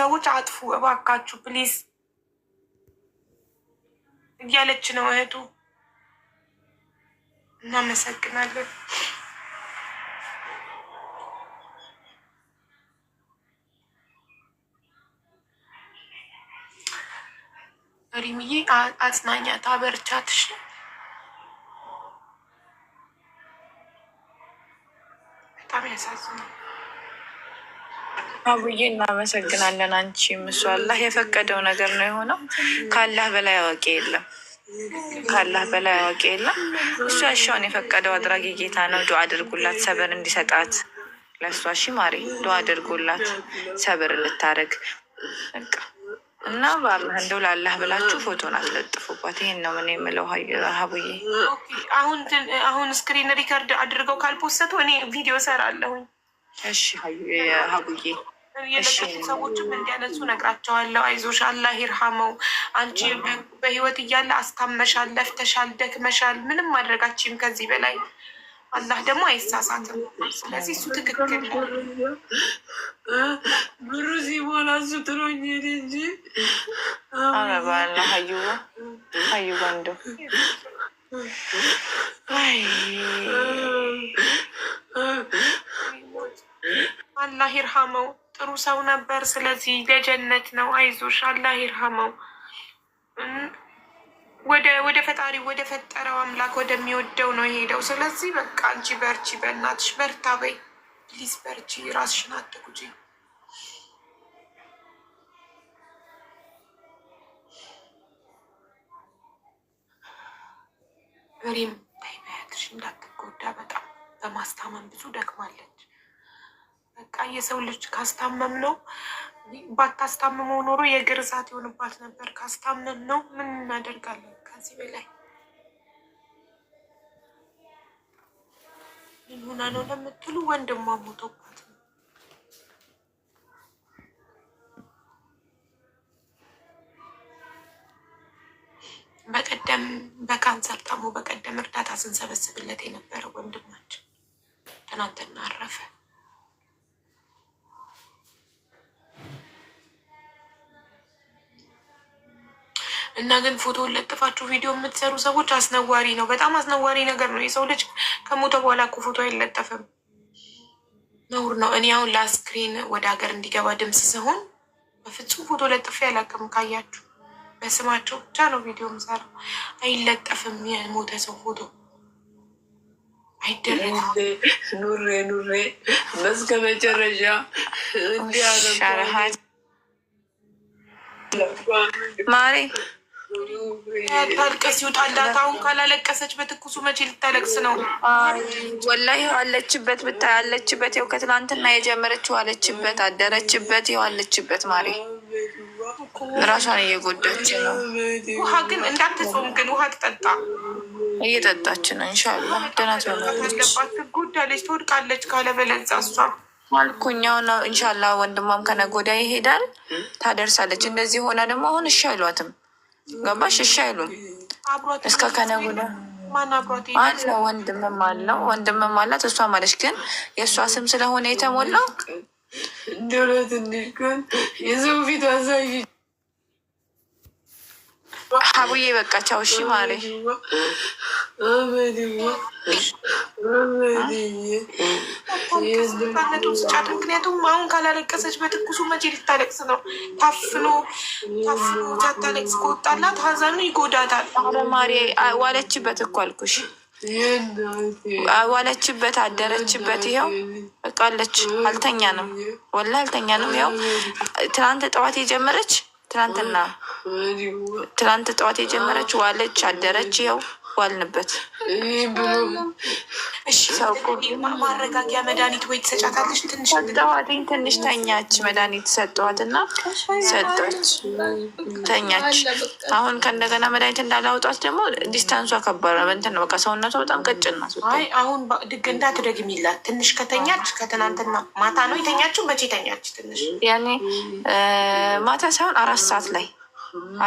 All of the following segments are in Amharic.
ሰዎች አጥፉ እባካችሁ ፕሊዝ እያለች ነው እህቱ። እናመሰግናለን። ሪምዬ አጽናኛ ታበርቻትሽ በጣም ያሳዝናል። አቡዬ እናመሰግናለን። አንቺ እሱ አላህ የፈቀደው ነገር ነው የሆነው። ካላህ በላይ አዋቂ የለም። ከአላህ በላይ አዋቂ የለም። እሱ ያሻውን የፈቀደው አድራጊ ጌታ ነው። ዱዓ አድርጉላት ሰብር እንዲሰጣት ለእሷ። እሺ ማሪ፣ ዱዓ አድርጉላት ሰብር እንድታደርግ እና በአላህ እንደው ላላህ ብላችሁ ፎቶን አትለጥፉባት። ይሄን ነው ምን የምለው ሀቡዬ። አሁን አሁን ስክሪን ሪከርድ አድርገው ካልፖሰቱ እኔ ቪዲዮ ሰራለሁኝ። እሺ ሀቡዬ የለቀቁት ሰዎችም እንዲያነሱ ነግራቸዋለሁ። አይዞሽ አላህ ይርሃመው። አንቺ በህይወት እያለ አስታመሻል፣ ለፍተሻል፣ ደክመሻል። ምንም ማድረጋችም ከዚህ በላይ አላህ ደግሞ አይሳሳትም። ስለዚህ እሱ ትክክል ብሩ ሲሞላ እሱ ጥሎኝ ሄደ እንጂ ኧረ በአላህ ሀዩ ሀዩ አይ አላህ ይርሃመው። ጥሩ ሰው ነበር። ስለዚህ ለጀነት ነው። አይዞሽ፣ አላህ ይርሃመው። ወደ ፈጣሪው ወደ ፈጠረው አምላክ ወደሚወደው ነው የሄደው። ስለዚህ በቃ አንቺ በርቺ፣ በእናትሽ በርታ በይ፣ ፕሊዝ በርቺ፣ ራስሽን አትጉጂ። ሪም ተይ በያትሽ፣ እንዳትጎዳ በጣም በማስታመን ብዙ ደክማለች። የሰው ልጅ ካስታመም ነው ባታስታምመው ኖሮ እሳት የሆንባት ነበር። ካስታመም ነው ምን እናደርጋለን ከዚህ በላይ ምን ሆና ነው ለምትሉ ወንድሟ ሞቶባት ነው። በቀደም በካንሰር ታሞ በቀደም እርዳታ ስንሰበስብለት የነበረ ወንድማችን ትናንትና አረፈ። እና ግን ፎቶ ለጥፋችሁ ቪዲዮ የምትሰሩ ሰዎች አስነዋሪ ነው፣ በጣም አስነዋሪ ነገር ነው። የሰው ልጅ ከሞተ በኋላ እኮ ፎቶ አይለጠፍም፣ ነውር ነው። እኔ አሁን ላስክሪን ወደ ሀገር እንዲገባ ድምፅ ሲሆን በፍጹም ፎቶ ለጥፌ አላቅም። ካያችሁ በስማቸው ብቻ ነው ቪዲዮ የምሰራው። አይለጠፍም የሞተ ሰው ፎቶ ኑሬ ኑሬ እስከ መጨረሻ እንዲያረ ማሬ ታልቀስ ይውጣላት። አሁን ካላለቀሰች በትኩሱ መቼ ልታለቅስ ነው? ወላሂ አለችበት ብታይ አለችበት። ይኸው የጀመረችው አለችበት፣ አደረችበት፣ ይኸው አለችበት። ራሷን እየጎዳች ነው። ውሃ ግን እንዳትጾም ግን ውሃ ትጠጣ እየጠጣች ነው። እንሻላ ደህና ትጎዳለች፣ ትወድቃለች። ካለበለዚያ እሷ አልኩኛው ነው። እንሻላ ወንድሟም ከነገ ይሄዳል፣ ታደርሳለች። እንደዚህ ሆና ደግሞ አሁን እሺ አይሏትም ገባሽ? እሺ አይሉም። እስከ ከነጉዳ አለ ወንድምም አለው ወንድምም አላት እሷ ማለች። ግን የእሷ ስም ስለሆነ የተሞላው የሰው ፊት አሳይ ሀቡዬ በቃ ቻው። እሺ ማሬ ስጫት ምክንያቱም አሁን ካላለቀሰች በትኩሱ መቼ ልታለቅስ ነው? ታፍኖ ታፍኖ ሳታለቅስ ከወጣላት ሀዘኑ ይጎዳታል። ማሪ ዋለችበት እኮ አልኩሽ፣ ዋለችበት፣ አደረችበት። ይኸው እቃለች። አልተኛንም፣ ወላ አልተኛንም። ይኸው ትናንት ጠዋት የጀመረች ትናንትና፣ ትናንት ጠዋት የጀመረች ዋለች፣ አደረች። ይኸው ዋልንበት። ማረጋጊያ መድኃኒት ወይ ትሰጫታለሽ? ትንሽ ሰጠዋትኝ። ትንሽ ተኛች፣ መድኃኒት ሰጠዋት እና ሰጠች፣ ተኛች። አሁን ከእንደገና መድኃኒት እንዳላውጧት ደግሞ ዲስታንሷ ከባድ ነው። እንትን ነው በቃ ሰውነቷ በጣም ቀጭን ናት። አሁን ድግ እንዳትደግሚላት። ትንሽ ከተኛች ከትናንትና ማታ ነው የተኛችው። መቼ ተኛች? ትንሽ ያኔ ማታ ሳይሆን አራት ሰዓት ላይ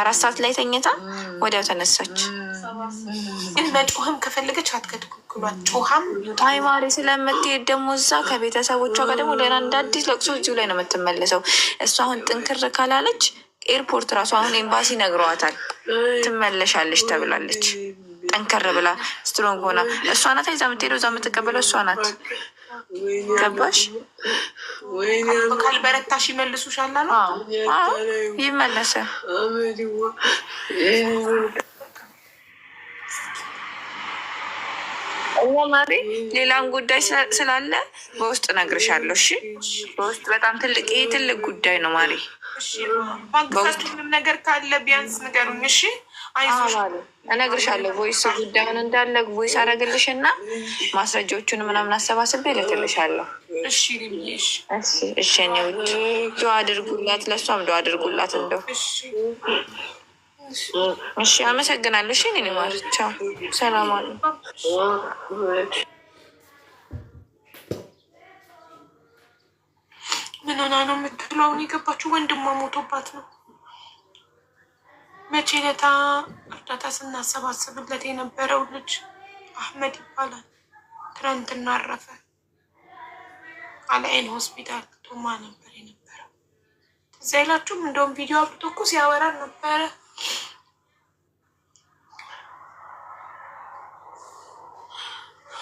አራት ሰዓት ላይ ተኝታ ወዲያው ተነሳች። ግን መጮህም ከፈለገች አትከትክሏት ጮሃም አይ ማሪ ስለምትሄድ ደግሞ እዛ ከቤተሰቦቿ ጋር ደግሞ ሌላ እንደ አዲስ ለቅሶ እዚሁ ላይ ነው የምትመለሰው። እሱ አሁን ጥንክር ካላለች ኤርፖርት ራሱ አሁን ኤምባሲ ነግረዋታል፣ ትመለሻለች ተብላለች። ጠንከር ብላ ስትሮንግ ሆና እሷ ናት እዛ የምትሄደው፣ እዛ የምትቀበለው እሷ ናት። ገባሽ? ካል ካልበረታሽ ይመልሱሻል አሉ። ይመለሰ ማሪ ሌላን ጉዳይ ስላለ በውስጥ ነግርሻለሁ። እሺ፣ በውስጥ በጣም ትልቅ ይሄ ትልቅ ጉዳይ ነው ማሪ። ማግፋትንም ነገር ካለ ቢያንስ ንገሩኝ። እሺ፣ አይዞሽ እነግርሻለሁ። ቮይስ ጉዳዩን እንዳለ ቮይስ አደረግልሽ እና ማስረጃዎቹን ምናምን አሰባስቤ እልክልሻለሁ። እሺ፣ እሺ፣ እሺ። ዱዐ አድርጉላት፣ ለእሷም ዱዐ አድርጉላት እንደው እሺ፣ አመሰግናለሁ። እሺ፣ እኔ ማርቻው ሰላም አሉ። ምን ሆና ነው የምትለው? አሁን የገባችው ወንድሟ ሞቶባት ነው። መቼ ለታ እርዳታ ስናሰባስብለት የነበረው ልጅ አህመድ ይባላል። ትናንትና አረፈ። አልአይን ሆስፒታል ቶማ ነበር የነበረው። ትዝ አይላችሁም? እንደውም ቪዲዮ አውጥቶ እኮ ሲያወራን ነበረ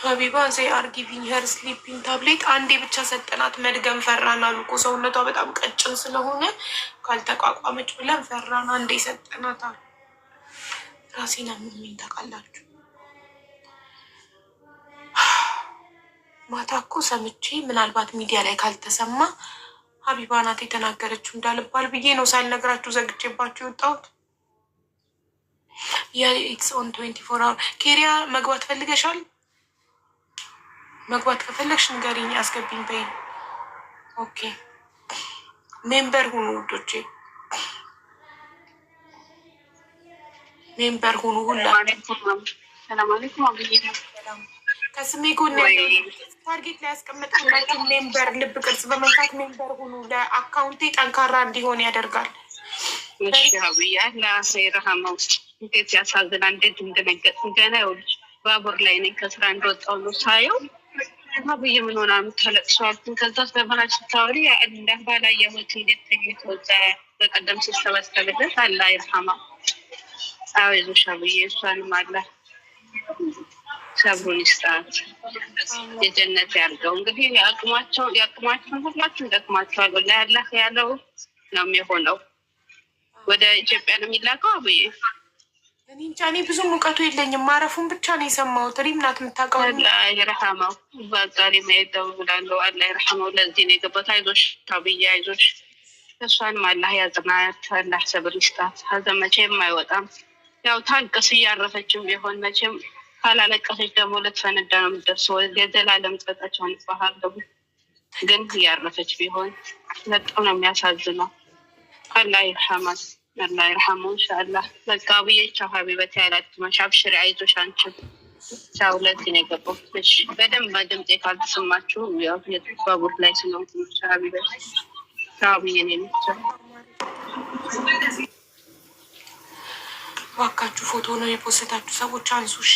ሀቢባ ዘይ አርጊቪኝ ሄር ስሊፒንግ ታብሌት አንዴ ብቻ ሰጠናት። መድገም ፈራን አሉ እኮ ሰውነቷ በጣም ቀጭን ስለሆነ ካልተቋቋመች ብለን ፈራን። አንዴ ሰጠናት አሉ። ራሴን አመመኝ ታውቃላችሁ። ማታ እኮ ሰምቼ ምናልባት ሚዲያ ላይ ካልተሰማ ሀቢባ ናት የተናገረችው እንዳልባል ብዬ ነው ሳልነግራችሁ ዘግቼባችሁ የወጣሁት። የኢትስ ኦን ትዌንቲ ፎር አወር ኬሪያ መግባት ፈልገሻል? መግባት ከፈለግሽ ንገሪኝ፣ አስገቢኝ በይ። ኦኬ ሜምበር ሁኑ ውዶቼ፣ ሜምበር ሁኑ ሁላ። ከስሜ ጎን ታርጌት ላይ ያስቀመጥኩላችሁ ሜምበር፣ ልብ ቅርጽ በመንካት ሜምበር ሁኑ። ለአካውንቴ ጠንካራ እንዲሆን ያደርጋል። እንዴት ያሳዝናል! እንዴት እንደነገጥኩ ገና ባቡር ላይ ነኝ ከስራ እንደወጣሁ ነው ሳየው ከዛ ብዬ ምን ሆና ምታለቅሰዋልትን ከዛ በባህል ስታወሪ እንደ ላይ የሞት ሂደት ተኝተወዛ በቀደም ስሰበሰብለት አላ ይርሃማ አይዞሽ ብዬ እሷንም አለ ሰብሩን ይስጣት የጀነት ያርገው። እንግዲህ የአቅማቸው የአቅማቸውን ሁላችሁ ይጠቅማቸዋል። ወላ ያለው ነው የሚሆነው። ወደ ኢትዮጵያ ነው የሚላከው አብዬ እኔ እንጃ እኔ ብዙም እውቀቱ የለኝም። ማረፉን ብቻ ነው የሰማሁት። ሪም ምናት የምታውቀው። አላህ ይርሐመው። በቃ ሪም አይደው ብላለሁ። አላህ ይርሐመው። ለዚህ ነው የገባት። አይዞሽ ታብዬ አይዞሽ። እሷንም አላህ ያጽናት፣ አላህ ሰብር ይስጣት። ሀዘን መቼም አይወጣም። ያው ታንቅስ እያረፈችም ቢሆን መቼም ካላለቀሰች ደግሞ ልትፈነዳ ነው የምትደርሰው። የዘላለም ጸጣቸውን ይባሃለሁ። ግን እያረፈች ቢሆን በጣም ነው የሚያሳዝነው። አላህ ይርሐማት። አላ ይርሐሙ እንሻላ። በቃ ብዬቻው ሀቢበት ያላድመሽ፣ አብሽሪ አይዞሽ። አንችም ቻው ዕለት ነው የገባሁት። እሺ በደንብ ድምጤ ካልተሰማችሁ ያው ባቡር ላይ ስለሆንኩ ሀቢበት ቻው ብዬ ነው የሚቻል ባካችሁ ፎቶ ነው የፖስታችሁ ሰዎች አንሱ። እሺ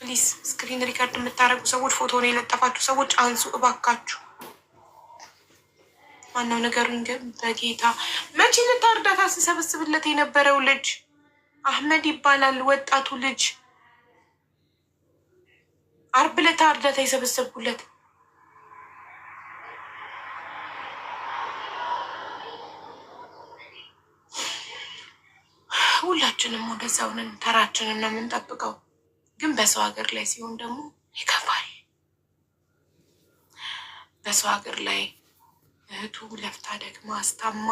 ፕሊስ ስክሪን ሪከርድ የምታደርጉ ሰዎች ፎቶ ነው የለጠፋችሁ ሰዎች አንሱ እባካችሁ። ዋናው ነገር በጌታ መቼ ልታ እርዳታ ስሰበስብለት የነበረው ልጅ አህመድ ይባላል። ወጣቱ ልጅ አርብ ለታ እርዳታ የሰበሰብኩለት ሁላችንም ወደ ሰውንን ተራችንን ነው የምንጠብቀው። ግን በሰው ሀገር ላይ ሲሆን ደግሞ ይከፋል። በሰው ሀገር ላይ እህቱ ለፍታ ደግሞ አስታማ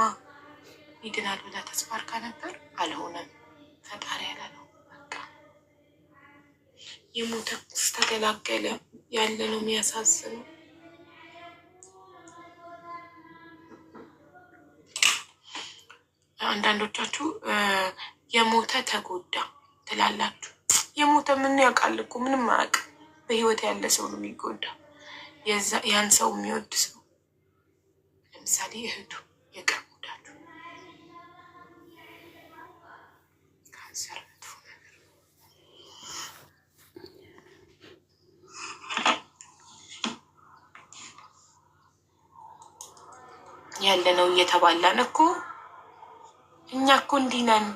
ይድናል ብላ ተስፋ አድርጋ ነበር። አልሆነም። ፈጣሪ ነው። በቃ የሞተ ስተገላገለ ያለ ነው የሚያሳዝነው። አንዳንዶቻችሁ የሞተ ተጎዳ ትላላችሁ። የሞተ ምን ያውቃል እኮ ምንም አያውቅም። በህይወት ያለ ሰው ነው የሚጎዳ። ያን ሰው የሚወድ ሰው ለምሳሌ እህቱ የቅርብ ወዳጁ ካንሰር መጥፎ ነገር ነው። ያለነው እየተባላን እኮ እኛ እኮ እንዲህ ነን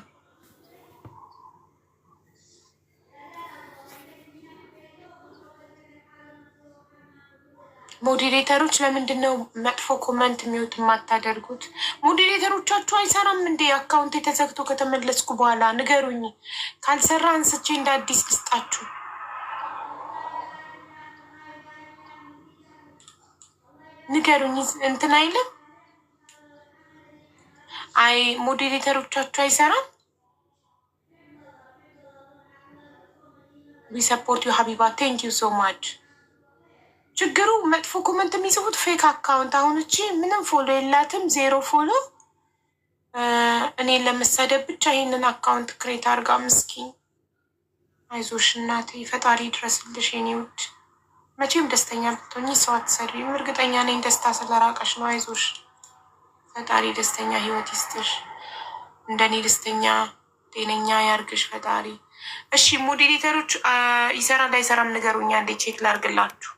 ሞዴሬተሮች ለምንድን ነው መጥፎ ኮመንት የሚወት የማታደርጉት? ሞዴሬተሮቻችሁ አይሰራም እንዴ? አካውንት የተዘግቶ ከተመለስኩ በኋላ ንገሩኝ። ካልሰራ አንስቼ እንደ አዲስ ልስጣችሁ። ንገሩኝ። እንትን አይልም። አይ ሞዴሬተሮቻችሁ አይሰራም። ዊ ሰፖርት ዩ ሀቢባ ቴንክ ዩ ሶ ማች ችግሩ መጥፎ ኮመንት የሚጽፉት ፌክ አካውንት። አሁን እቺ ምንም ፎሎ የላትም ዜሮ ፎሎ። እኔን ለመሳደብ ብቻ ይህንን አካውንት ክሬት አድርጋ ምስኪን። አይዞሽ እናቴ፣ ፈጣሪ ድረስልሽ የኔ ውድ። መቼም ደስተኛ ብትሆኝ ሰው አትሰሪም። እርግጠኛ ነኝ ደስታ ስለራቀሽ ነው። አይዞሽ፣ ፈጣሪ ደስተኛ ህይወት ይስጥሽ። እንደኔ ደስተኛ ጤነኛ ያርግሽ ፈጣሪ። እሺ ሞዴሌተሮች ይሰራል እንዳይሰራም ንገሩኛ፣ እንዴ ቼክ ላርግላችሁ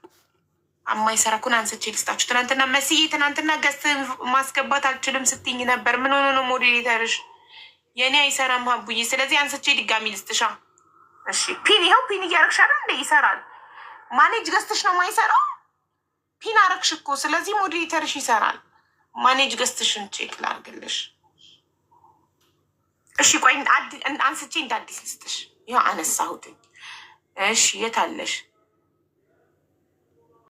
የማይሰራ እኮ አንስቼ ልስጣችሁ። ትናንትና መስዬ ትናንትና ገስት ማስገባት አልችልም ስትኝ ነበር። ምን ሆኖ ነው ሞዴሬተርሽ? የእኔ አይሰራም ሀቡዬ። ስለዚህ አንስቼ ድጋሚ ልስጥሻ። እሺ ፒን፣ ይኸው ፒን እያረግሻለ እንደ ይሰራል። ማኔጅ ገስትሽ ነው ማይሰራው። ፒን አረግሽ እኮ ስለዚህ ሞዴሬተርሽ ይሰራል። ማኔጅ ገስትሽን ቼክ ላርግልሽ። እሺ ቆይ አንስቼ እንደ አዲስ ልስጥሽ። ይኸው አነሳሁትኝ። እሺ የት አለሽ?